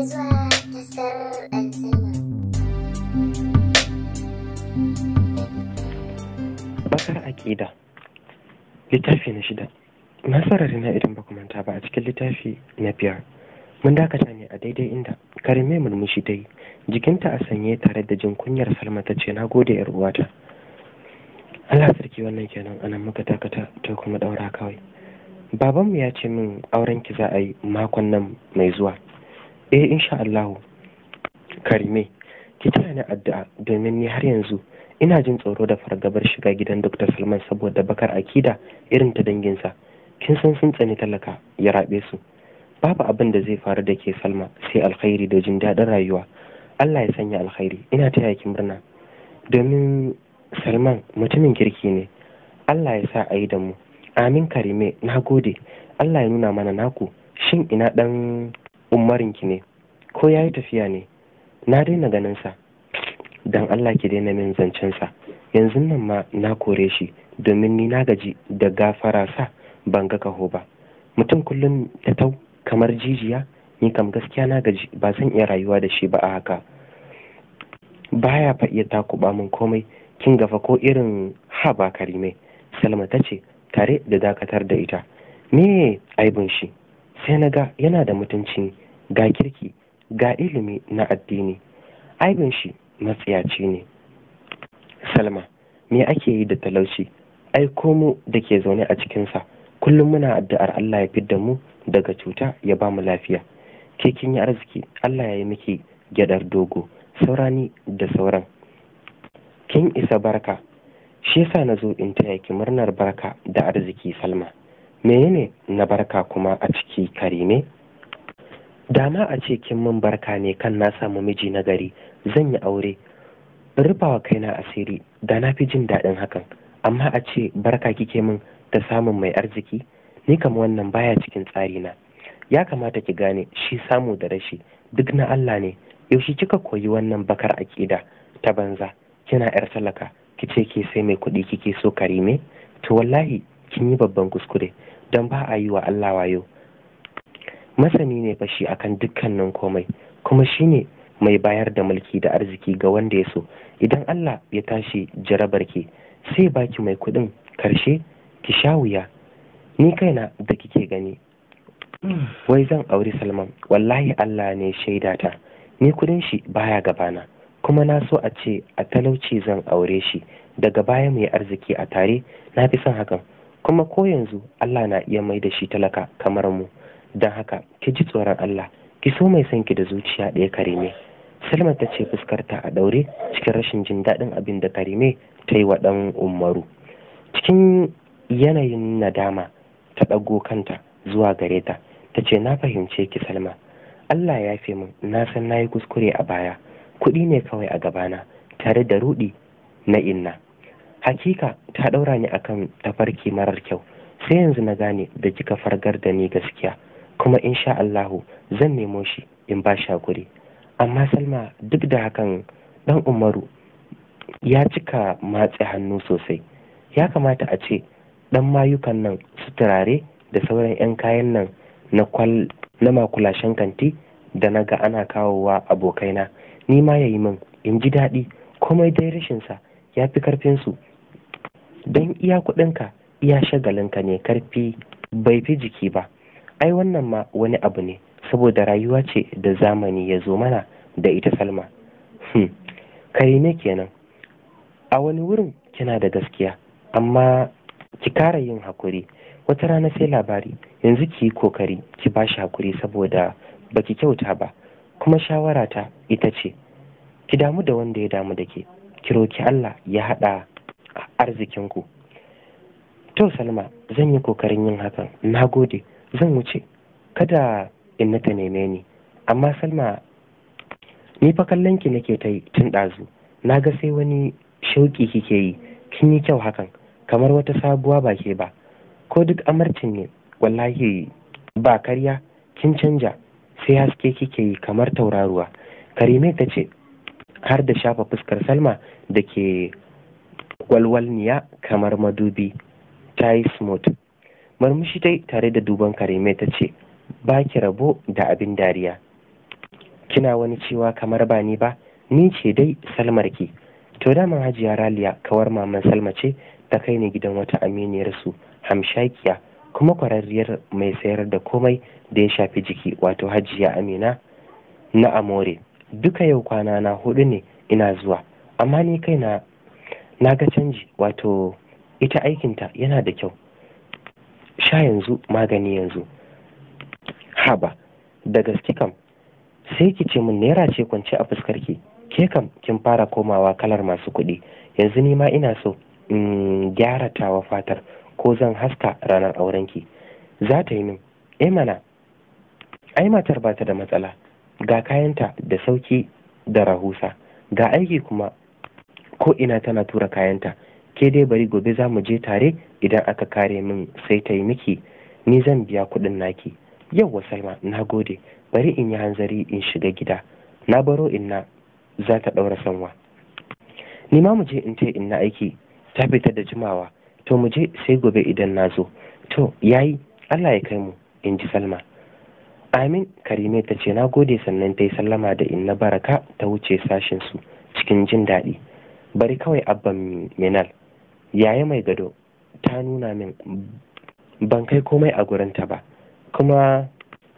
besoin Bakar Aƙida Littafi na shida na Nasarar na irin baka manta ba a cikin littafi na biyar mun dakata ne a daidai inda karime murmushi dai jikinta a sanye tare da jin kunyar salma ta ce na gode yar uwata Allah sarki wannan kenan ana muka dakata ta kuma ɗaura kawai babanmu ya ce min aurenki za a yi makon nan mai zuwa eh insha Allahu karime ki tana ni addu'a domin ni har yanzu ina jin tsoro da fargabar shiga gidan Dr. Salman saboda bakar akida irin ta danginsa kin san sun tsani talaka ya rabe su babu abin da zai faru da ke Salma sai alkhairi da jin daɗin rayuwa Allah ya sanya alkhairi ina taya ki murna domin Salman mutumin kirki ne Allah ya sa a yi da mu amin karime na gode Allah ya nuna mana naku shin ina dan umarinki ne ko ya yi tafiya ne na daina ganinsa don allah ki daina min zancensa yanzu nan ma na kore shi domin ni na gaji da gafara sa ban ga kaho ba mutum kullum da tau kamar jijiya ni kam gaskiya na gaji ba zan iya rayuwa da shi ba a haka baya fa iya takuba min komai kin gafa ko irin Haba karime salma ta ce tare da dakatar da ita me aibin shi sai na ga yana da mutunci ga kirki ga ilimi na addini aibin shi matsiyaci ne salma me ake yi da talauci ai mu da ke zaune a cikinsa kullum muna addu'ar allah ya fidda mu daga cuta ya ba mu lafiya kekin kin yi arziki allah ya yi miki gyadar dogo saurani da sauran kin isa barka shi yasa na zo in taya ki murnar barka da arziki salma menene na barka kuma a ciki karime dama a ce kin min barka ne kan na samu miji na gari zan yi aure Rufawa kai kaina asiri da na fi jin daɗin hakan amma a ce barka kike min da samun mai arziki ni kam wannan baya cikin tsari na ya kamata ki gane shi samu da rashi duk na Allah ne yaushe kika koyi wannan bakar aƙida ta banza kina yar talaka kice ki sai mai kuɗi kike so karime to wallahi kin yi babban kuskure don ba a yi wa Allah wayo masani ne fa shi akan dukkanin komai kuma shi ne mai bayar da mulki da arziki ga wanda ya so idan Allah ya tashi jarabar ki sai baki mai kuɗin karshe ki sha wuya ni kaina da kike gani wai zan auri Salman wallahi Allah ne shaidata ni kuɗin shi baya gabana kuma na so a ce a talauci zan aure shi daga baya mai arziki a tare na fi son hakan kuma ko yanzu Allah na iya mai da shi talaka kamar mu don haka ki ji tsoron Allah ki so mai son ki da zuciya ɗaya karime Salma ta ce fuskarta a ɗaure cikin rashin jin daɗin abin da karime ta yi wa ɗan umaru cikin yanayin nadama ta ɗago kanta zuwa gare ta ta ce na fahimce ki salma Allah ya fi min na san na yi kuskure a baya kuɗi ne kawai a gabana tare da ruɗi na inna hakika ta ɗaura ni akan tafarki marar kyau sai yanzu na gane da kika fargar da ni gaskiya kuma insha Allahu zan nemo shi in ba shi amma Salma duk da hakan ɗan Umaru ya cika matse hannu sosai ya kamata a ce ɗan mayukan nan su turare da sauran 'yan kayan nan na kwal na makulashen kanti da na ga ana kawowa abokaina ni ma ya yi min in ji daɗi komai dai rashinsa ya fi karfinsu don iya kuɗinka iya shagalinka ne karfi bai fi jiki ba ai wannan ma wani abu ne saboda rayuwa ce da zamani ya zo mana da ita salma hmm. ne kenan a wani wurin kina da gaskiya amma ki kara yin hakuri wata rana sai labari yanzu ki yi kokari ki ba shi hakuri saboda baki kyauta ba kuma shawara ta ita ce ki damu da wanda ya damu da ke ki roki Allah ya haɗa arzikinku to salma zan yi kokarin yin hakan na gode zan wuce kada in na ta neme ni amma salma ni fa kallon ki nake ta yi tun ɗazu na ga sai wani shauƙi kike yi kin yi kyau hakan kamar wata sabuwa ba ke ba ko duk amarcin ne wallahi ba karya kin canja sai haske kike yi kamar tauraruwa karime ta ce har da shafa fuskar salma da ke walwalniya kamar madubi ta yi smooth marmushi dai tare da duban karime ta ce ba ki rabo da abin dariya kina wani cewa kamar ba ni ba ni ce dai salmarki to man hajiya raliya kawar maman salma ce ta kai ni gidan wata aminiyar su hamshakiya kuma kwararriyar mai sayar da komai da ya shafi jiki wato hajiya amina na amore duka yau kwana na hudu ne ina zuwa amma ni kaina na ga canji wato ita aikinta yana da kyau sha yanzu magani yanzu haba da gaske kam sai ki ce min naira ce kwance a fuskarki ke kam kin fara komawa kalar masu kuɗi yanzu ni ma ina so in gyara tawa fatar ko zan haska ranar aurenki za ta yi min e mana ai matar ba ta da matsala ga kayanta da sauki da rahusa ga aiki kuma ko ina tana tura kayanta ke dai bari gobe za mu je tare idan aka kare min sai ta yi miki ni zan biya kuɗin naki yawwa salma na gode bari in yi hanzari in shiga gida na baro inna za ta ɗaura sanwa ni ma mu je in ce inna aiki ta fita da jimawa to muje sai gobe idan na zo to yayi allah ya kai mu in ji salma amin karime ta ce na gode sannan ta yi sallama da inna baraka ta wuce sashinsu cikin jin daɗi bari kawai abban minal yaya mai gado ta nuna min ban kai komai a gurinta ba kuma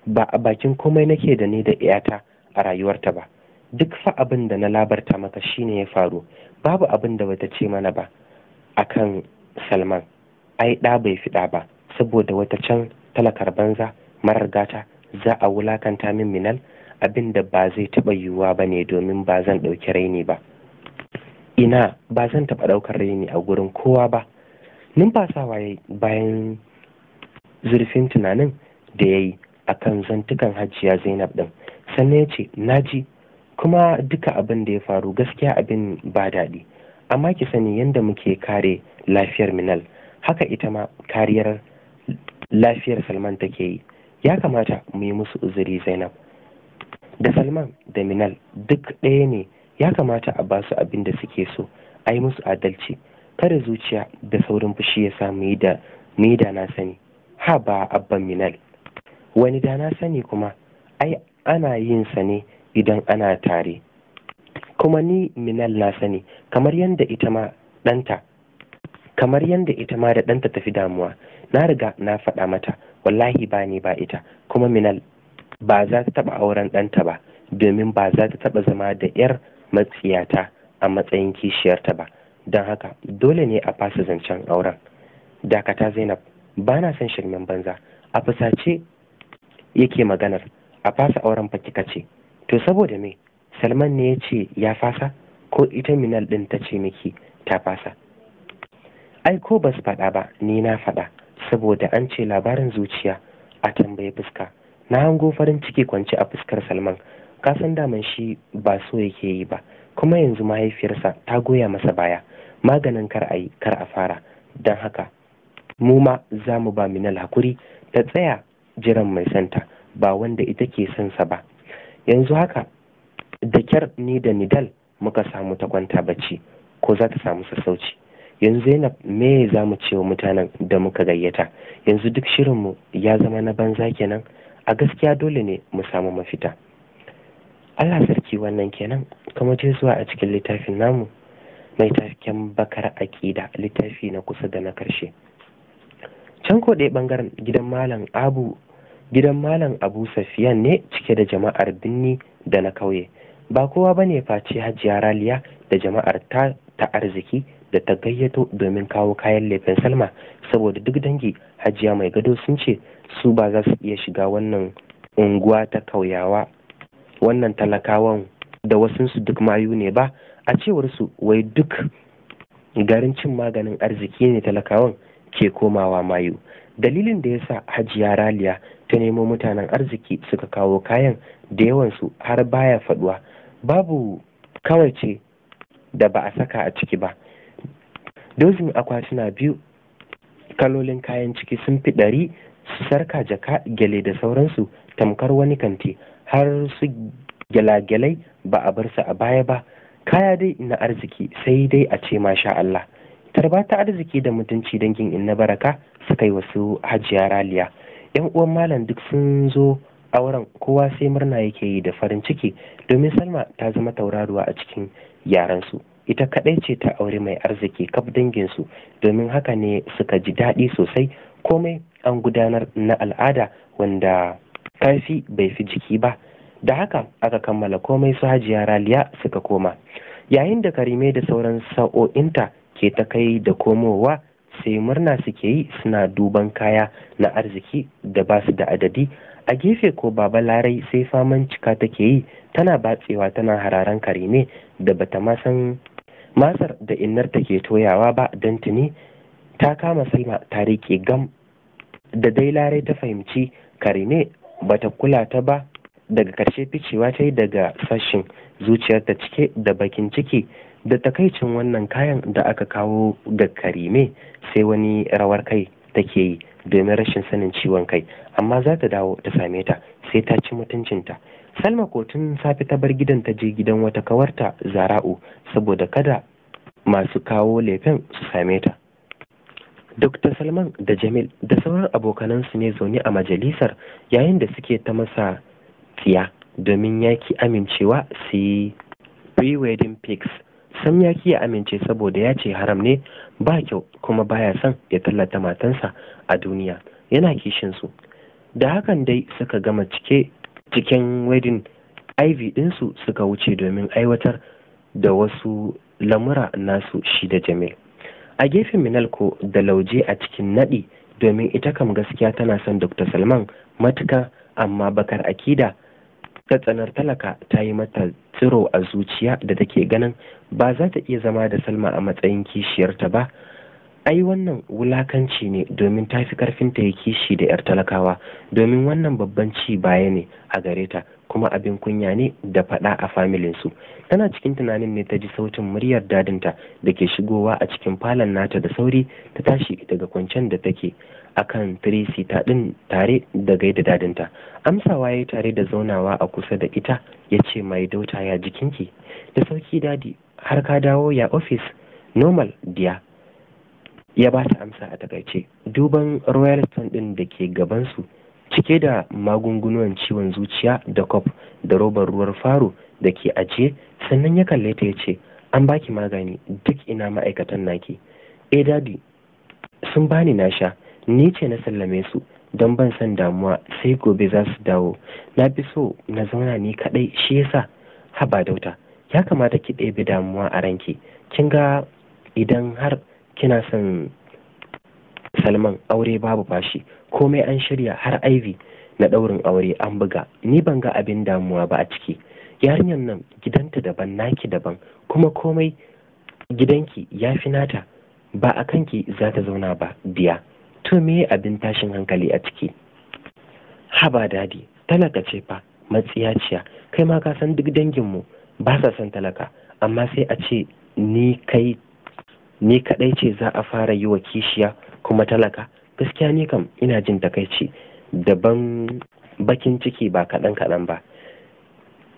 ba a bakin komai nake da ni da iyata a rayuwarta ba duk fa abin da na labarta maka shine ya faru babu abin da bata ce mana ba akan salman ai ɗa bai fi ba saboda wata can talakar banza marar gata za a wulakanta min minal abin da ba zai taɓa yiwuwa ba ne domin ba zan ɗauki raini ba ina ba zan taɓa ɗaukar raini a gurin kowa ba numfasawa ya bayan zurfin tunanin da ya yi a kan zantukan Hajjiya zainab ɗin sannan ya ce ji kuma duka abin da ya faru gaskiya abin ba daɗi amma ki sani yadda muke kare lafiyar minal haka ita ma kariyar lafiyar salman take yi ya kamata mu yi musu uzuri zainab da salman da minal duk ɗaya ne ya kamata a ba su abin da suke so a yi musu adalci kada zuciya da saurin fushi ya sa mu yi da mu da na sani ha ba abban minal wani da na sani kuma ai ana yin sa ne idan ana tare kuma ni minal na sani kamar yadda ita ma ɗanta kamar yadda ita ma da ɗanta tafi damuwa na riga na faɗa mata wallahi ba ni ba ita kuma minal ba za ta taɓa auren ɗanta ba domin ba za ta taɓa zama da 'yar matsiyata a matsayin kishiyarta ba don haka dole ne a fasa zancen auren dakata zainab ba na son shirmen banza a fusace yake maganar a fasa auren fakika ce to saboda mai, salman ne ya ce ya fasa ko ita minal din ta ce miki ta fasa ai ko ba su faɗa ba ni na faɗa saboda an ce labarin zuciya a tambaye fuska na hango farin ciki kwance a fuskar salman kasan daman shi ba so yake yi ba kuma yanzu mahaifiyarsa ta goya masa baya maganin kar a yi kar a fara don haka mu ma za mu ba minal hakuri ta tsaya jiran mai santa ba wanda ita ke son ba yanzu haka da kyar ni da nidal muka samu ta kwanta bacci ko za ta samu sassauci yanzu yana me za mu ce wa mutanen da muka gayyata yanzu duk shirinmu ya zama na banza kenan a gaskiya dole ne mu samu mafita Allah sarki wannan kenan kuma je zuwa a cikin littafin namu mai taken bakar aƙida littafi na kusa da na karshe can ko ɗaya ɓangaren gidan malam abu gidan malam abu safiyan ne cike da jama'ar binni da na kauye ba kowa ba ne face hajiya raliya da jama'ar ta ta arziki da ta gayyato domin kawo kayan lefen salma saboda duk dangi hajiya mai gado sun ce su ba za su iya shiga wannan unguwa ta kauyawa wannan talakawan da wasunsu duk mayu ne ba a cewar su wai duk garin cin maganin arziki ne talakawan ke komawa mayu dalilin da ya sa hajiya raliya ta nemo mutanen arziki suka kawo kayan da yawansu har baya faduwa babu kawai ce da ba a saka a ciki ba dozin akwatuna biyu kalolin kayan ciki sun fi ɗari su sarka jaka gyale da sauransu tamkar wani kanti har su gyalagyalai ba a bar su a baya ba kaya dai na arziki sai dai a ce masha Allah tarba ta arziki da mutunci dangin inna baraka suka yi wasu hajiya raliya yan uwan malam duk sun zo auren kowa sai murna yake yi da farin ciki domin salma ta zama tauraruwa a cikin yaran su ita kaɗai ce ta aure mai arziki kaf dangin su domin haka ne suka ji daɗi sosai komai an gudanar na al'ada wanda kafi bai fi jiki ba da haka aka kammala komai su hajiya raliya suka koma yayin da karime da sauran sa'o'inta ke ta kai da komowa sai murna suke yi suna duban kaya na arziki da ba su da adadi a gefe ko baba larai sai faman cika take yi tana batsewa tana hararan karime da bata ma san masar da innar take toyawa ba don tuni ta kama salma ta ke gam da dai larai ta fahimci karime bata kula ta ba daga ƙarshe ficewa ta yi daga sashin zuciyarta cike da bakin ciki da takaicin wannan kayan da aka kawo ga karime sai wani rawar kai take yi domin rashin sanin ciwon kai amma za ta dawo ta same ta sai ta ci mutuncinta salma ko tun safe ta bar gidan ta je gidan wata kawarta zara'u saboda kada masu kawo lefen su same ta Dr. Salman da Jamil da sauran abokanansu ne zaune a majalisar yayin da suke ta masa makiya domin ya ki amincewa su yi pre-wedding pics sam ya ki ya amince saboda ya ce haram ne ba kyau kuma baya son ya tallata matansa a duniya yana kishinsu da hakan dai suka gama cike cikin wedding iv ɗinsu suka wuce domin aiwatar da wasu lamura nasu shi da jamil a gefen minalko da lauje a cikin naɗi domin ita kam gaskiya tana son dr salman matuka amma bakar akida tsanar talaka ta yi mata tsiro a zuciya da take ganin ba za ta iya zama da salma a matsayin kishiyarta ba ai wannan wulakanci ne domin ta fi karfin ta kishi da 'yar talakawa domin wannan babban ci baya ne a gare ta kuma abin kunya ne da faɗa a familinsu tana cikin tunanin ne ta ji sautin muryar dadinta da ke shigowa a cikin falon nata da sauri ta tashi daga kwancen da take akan tirisita din tare da gaida dadinta amsawa ya tare da zaunawa a kusa da ita ya ce mai dauta ya jikinki da sauki dadi har ka dawo ya ofis normal diya ya ba ta amsa a takaice duban royal stone din da ke gabansu cike da magungunan ciwon zuciya da kwaf da robar ruwar faro da ke ajiye sannan ya kalle ta ya ce an baki magani duk ina ma'aikatan naki eh dadi sun bani nasha. ni ce na sallame su don ban san damuwa sai gobe za su dawo na fi so na zauna ni kaɗai shi yasa haba dauta ya kamata ki ɗebe damuwa a ranki kin ga idan har kina son salman aure babu bashi komai an shirya har aivi na ɗaurin aure an buga ni ban ga abin damuwa ba a ciki yarinyar nan gidanta daban naki daban kuma komai gidanki ya fi nata ba a kanki za ta zauna ba biya to me abin tashin hankali a ciki haba dadi talaka ce fa matsiyaciya kai ma ka san duk danginmu ba sa son talaka amma sai a ce ni kai ni kadai ce za a fara yi wa kishiya kuma talaka gaskiya ni kam ina jin takaici daban bakin ciki ba kaɗan kaɗan ba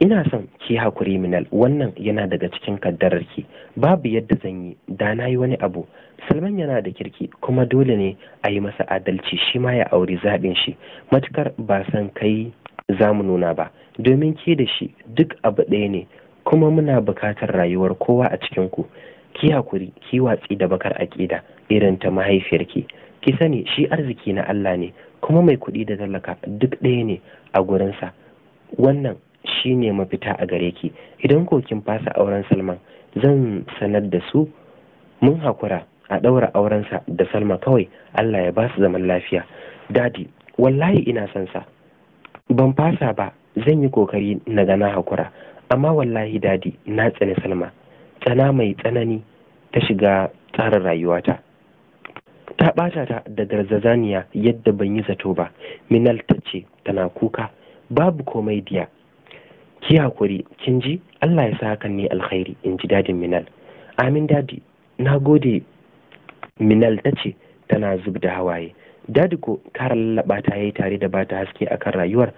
ina son ki hakuri minal wannan yana daga cikin kaddararki babu yadda zan yi da na yi wani abu salman yana da kirki kuma dole ne a yi masa adalci shi ma ya auri zaɓin shi matukar ba san kai za mu nuna ba domin ke da shi duk abu ɗaya ne kuma muna buƙatar rayuwar kowa a cikin ku ki hakuri ki watsi da bakar aƙida irin ta mahaifiyarki ki sani shi arziki na Allah ne kuma mai kuɗi da talaka duk ɗaya ne a gurinsa wannan shi ne mafita a gare ki idan kokin fasa auren salman zan sanar da su mun hakura a ɗaura aurensa da salma kawai allah ya ba su zaman lafiya dadi wallahi ina son sa ban fasa ba zan yi kokari na gana hakura amma wallahi dadi na tsane salma tsana mai tsanani ta shiga tsarin rayuwata ta ɓata ta da garzazaniya yadda ban yi zato ba minal ta ce tana kuka babu komai diya ki hakuri kin ji Allah ya sa hakan ne alkhairi in ji dadin Minal amin dadi na gode Minal ta ce tana zub da hawaye dadi ko kara lallaba ta yayi tare da bata haske akan rayuwar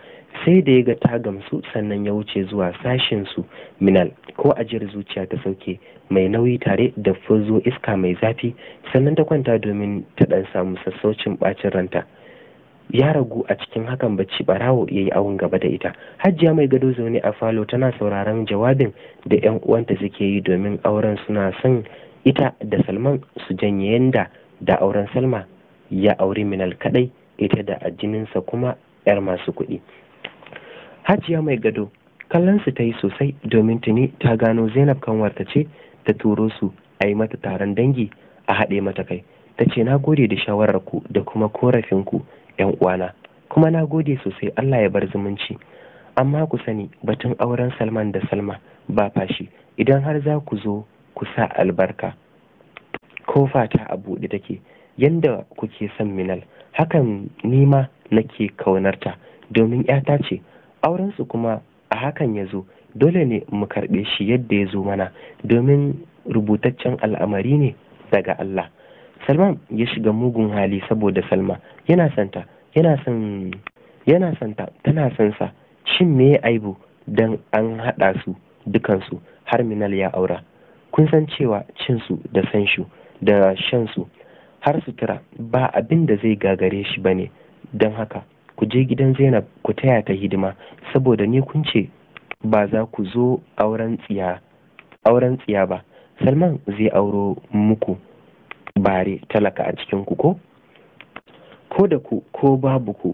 sai da ya ga ta gamsu sannan ya wuce zuwa sashin su Minal ko ajiyar zuciya ta sauke mai nauyi tare da fuzo iska mai zafi sannan ta kwanta domin ta dan samu sassaucin bacin ranta ya ragu a cikin hakan bacci barawo ya yi awon gaba da ita Hajiya mai gado zaune a falo tana sauraron jawabin da yan uwanta suke yi domin auren suna son ita da salman su janye yanda da auren salma ya auri minal kadai ita da ajininsa kuma yar masu kuɗi Hajiya mai gado kallon su ta yi sosai domin tuni ta gano zainab kanwarta ce ta turo su a yi mata taron dangi a haɗe mata kai ta ce na gode da shawararku da kuma korafinku 'yan uwana kuma na gode sosai Allah ya bar zumunci amma ku sani batun auren Salman da Salma ba fashi idan har za ku zo ku sa albarka ko fata a buɗe take yanda kuke son Minal hakan nima nake kaunarta domin 'yata ce aurensu kuma a hakan ya zo dole ne mu karɓe shi yadda ya zo mana domin rubutaccen al'amari ne daga Allah. Salman ya shiga mugun hali saboda Salma yana santa yana son yana santa tana son sa shin me aibu dan an haɗa su dukansu har minal ya aura kun san cewa cin su da san shu da shan su. har sutura ba abin da zai gagare shi bane don haka ku je gidan zainab ku taya ta hidima saboda ni kun ce ba za ku zo auren tsiya auren tsiya ba salman zai auro muku bare talaka a cikin ku ko ko da ku ko babu ku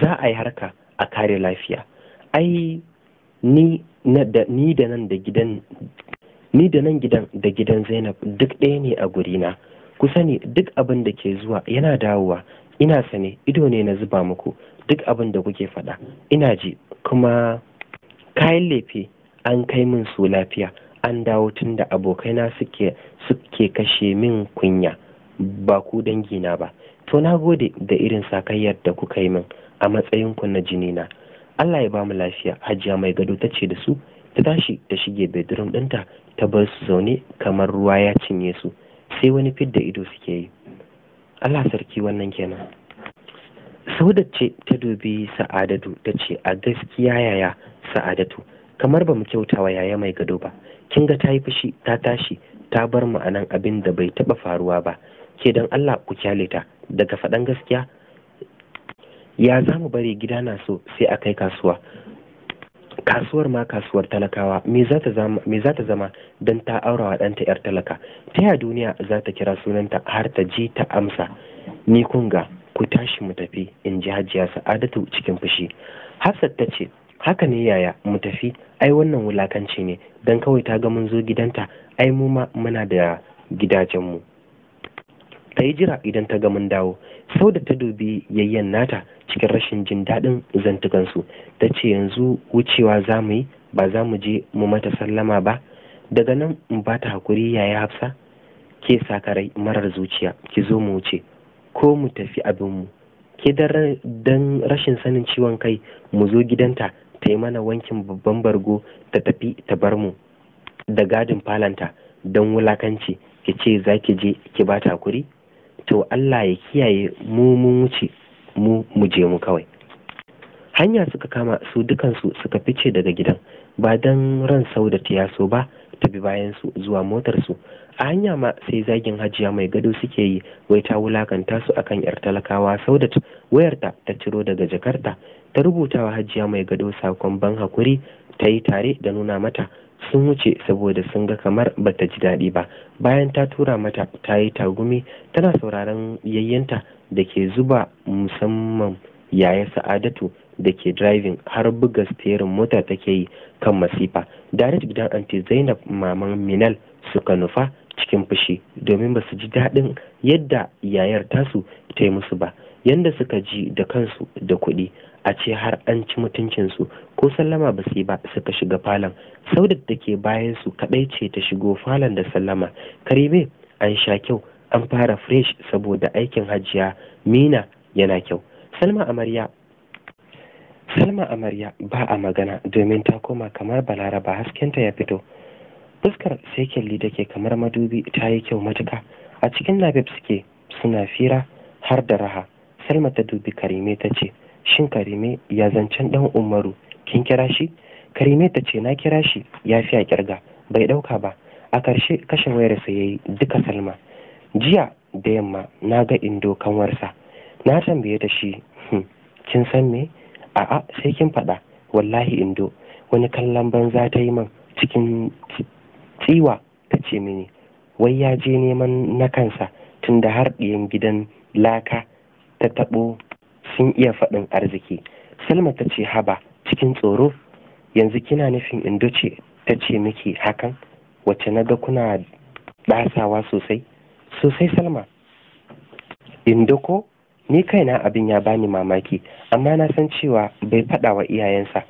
za a yi harka a kare lafiya ai ni da nan gidan da gidan Zainab duk ɗaya ne a gurina ku sani duk abin da ke zuwa yana dawowa ina sane ido ne na zuba muku duk abin da kuke faɗa ina ji kuma kayan lefe an kai min su lafiya an dawo tun da abokaina suke suke kashe min kunya ba ku dangina ba to na gode da irin sakayyar da kuka yi min a matsayin ku na jini na Allah ya bamu lafiya hajiya mai gado ta ce da su ta tashi ta shige bedroom ɗinta ta bar su zaune kamar ruwa ya cinye su sai wani fidda ido suke yi Allah sarki wannan kenan saudace ta dubi Sa'adatu ta ce a gaskiya yaya Sa'adatu kamar ba mu kyauta wa yaya mai gado ba kin ga ta yi fushi ta tashi ta bar mu anan abin da bai taba faruwa ba ke don Allah ku kyale ta daga faɗan gaskiya ya za mu bari gida na so sai a kai kasuwa kasuwar ma kasuwar talakawa me za ta zama don ta aura wa ɗanta 'yar talaka ta ya duniya za ta kira sunanta har ta ji ta amsa ni ga ku tashi mu tafi in ji hajiya sa'adatu cikin fushi hafsat ta ce haka ne yaya mu tafi ai wannan wulakanci ne don kawai ta ga mun zo gidanta ai mu ma muna da gidajenmu ta yi jira idan ta ga mun dawo sau da ta dubi yayyen nata cikin rashin jin daɗin zantukansu ta ce yanzu wucewa za mu yi ba za mu je mu mata sallama ba daga nan in ba ta hakuri yaya hafsa ke sa sakarai marar zuciya ki zo mu wuce ko mu tafi abinmu ke dan rashin sanin ciwon kai mu zo gidanta ta yi mana wankin babban bargo ta tafi ta bar mu da gadin falanta don wulakanci ki ce za ki je ki ba ta hakuri to Allah ya kiyaye mu mu wuce mu mu je mu kawai hanya suka kama su dukansu suka fice daga gidan ba dan ran saudata ya so ba ta bi bayan su zuwa motar su a hanya ma sai zagin hajiya mai gado suke yi wai ta wulakanta su akan yar talakawa saudat wayarta ta ciro daga jakarta ta rubuta wa hajiya mai gado sakon ban hakuri ta yi tare da nuna mata sun wuce saboda sun ga kamar bata ji daɗi ba bayan ta tura mata ta yi tagumi tana sauraron yayyanta da ke zuba musamman yaya sa'adatu da ke driving har buga steering mota take yi kan masifa direct gidan anti zainab maman minal suka nufa cikin fushi domin ba su ji daɗin yadda yayar tasu ta yi musu ba yadda suka ji da kansu da kuɗi a ce har an ci mutuncinsu ko sallama ba su yi ba suka shiga falon saudat da ke bayan su kadai ce ta shigo falon da sallama karibe an sha kyau an fara fresh saboda aikin hajiya mina yana kyau salma amarya salma amarya ba a magana domin ta koma kamar balaraba haskenta ya fito fuskar sai kyalli da ke kamar madubi ta yi kyau matuka a cikin nabib suke suna fira har da raha salma ta dubi karime ta ce shin karime ya zancen dan umaru kin kira shi karime ta ce na kira shi ya fiya kirga bai dauka ba a karshe kashe wayarsa ya yi duka salma jiya da yamma na ga indo kanwarsa na tambaye ta shi hmm, kin san me a'a sai kin faɗa wallahi indo wani kallon banza ta yi man cikin tsiwa ta ce mini wai ya je neman na kansa tun da har ɗiyan gidan laka ta taɓo sun iya faɗin arziki salma ta ce haba cikin tsoro yanzu kina nufin indo ce ta ce miki hakan wacce na ga kuna ɗasawa sosai sosai salma indo ko ni kaina abin ya bani mamaki amma na san cewa bai faɗa wa iyayensa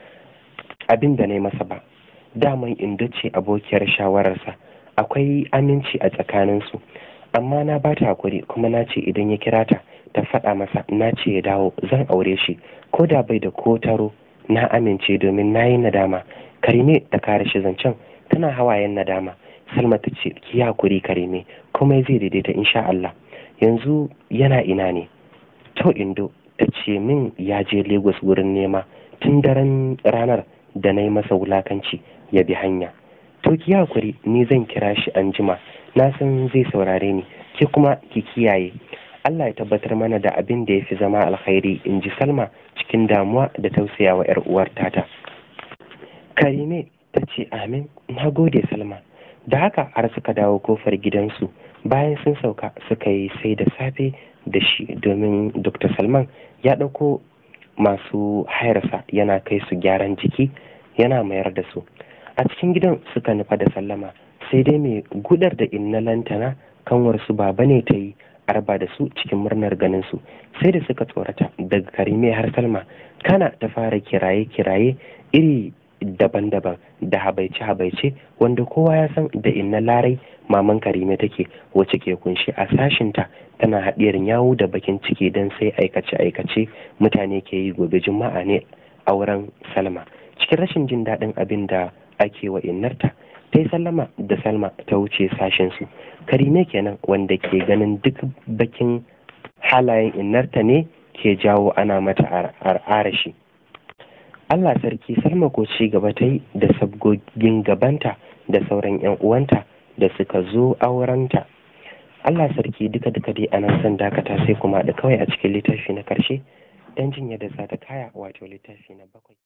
abin da na yi masa ba daman indo ce abokiyar shawararsa akwai aminci a tsakaninsu amma na ba ta kuma na ce idan ya kira ta ta faɗa masa na ce ya dawo zan aure shi ko da bai da ko taro na amince domin na yi nadama karime da kare shi zancen tana hawayen nadama salma ta ce ki hakuri karime komai zai daidaita insha Allah yanzu yana ina ne to indo ta ce min ya je lagos wurin nema tun daren ranar da na yi masa wulakanci ya bi hanya to ki hakuri ni zan kira shi anjima na san zai saurare ni ki kuma ki kiyaye Allah ya tabbatar mana da abin da ya fi zama alkhairi in ji Salma cikin damuwa da tausaya wa 'yar uwar tata. Karime ta ce amin na gode Salma da haka har suka dawo kofar gidansu bayan sun sauka suka yi sai da safe da shi domin Dr. Salman ya ɗauko masu hayarsa yana kai su gyaran jiki yana mayar da su. A cikin gidan suka nufa da sallama sai dai mai gudar da inna lantana kanwarsu baba ne ta yi arba da su cikin murnar ganin su sai da suka tsorata daga karime har salma kana ta fara kiraye-kiraye iri daban-daban da habaice-habaice wanda kowa ya san da inna larai maman karime take wacce ke kunshi a sashinta tana haɗiyar yawo da bakin ciki don sai aikace-aikace mutane ke yi gobe juma'a ne auren salma cikin rashin jin daɗin abin da ake wa innarta ta yi sallama da salma ta wuce sashensu karime kenan wanda ke ganin duk bakin halayen innarta ne ke jawo ana mata shi. allah sarki salma ko ci gaba ta yi da sabgogin gabanta da sauran 'yan uwanta da suka zo aurenta allah sarki duka duka dai ana son dakata sai kuma da kawai a cikin littafi na karshe dan jinya da za ta kaya wato littafi na bakwai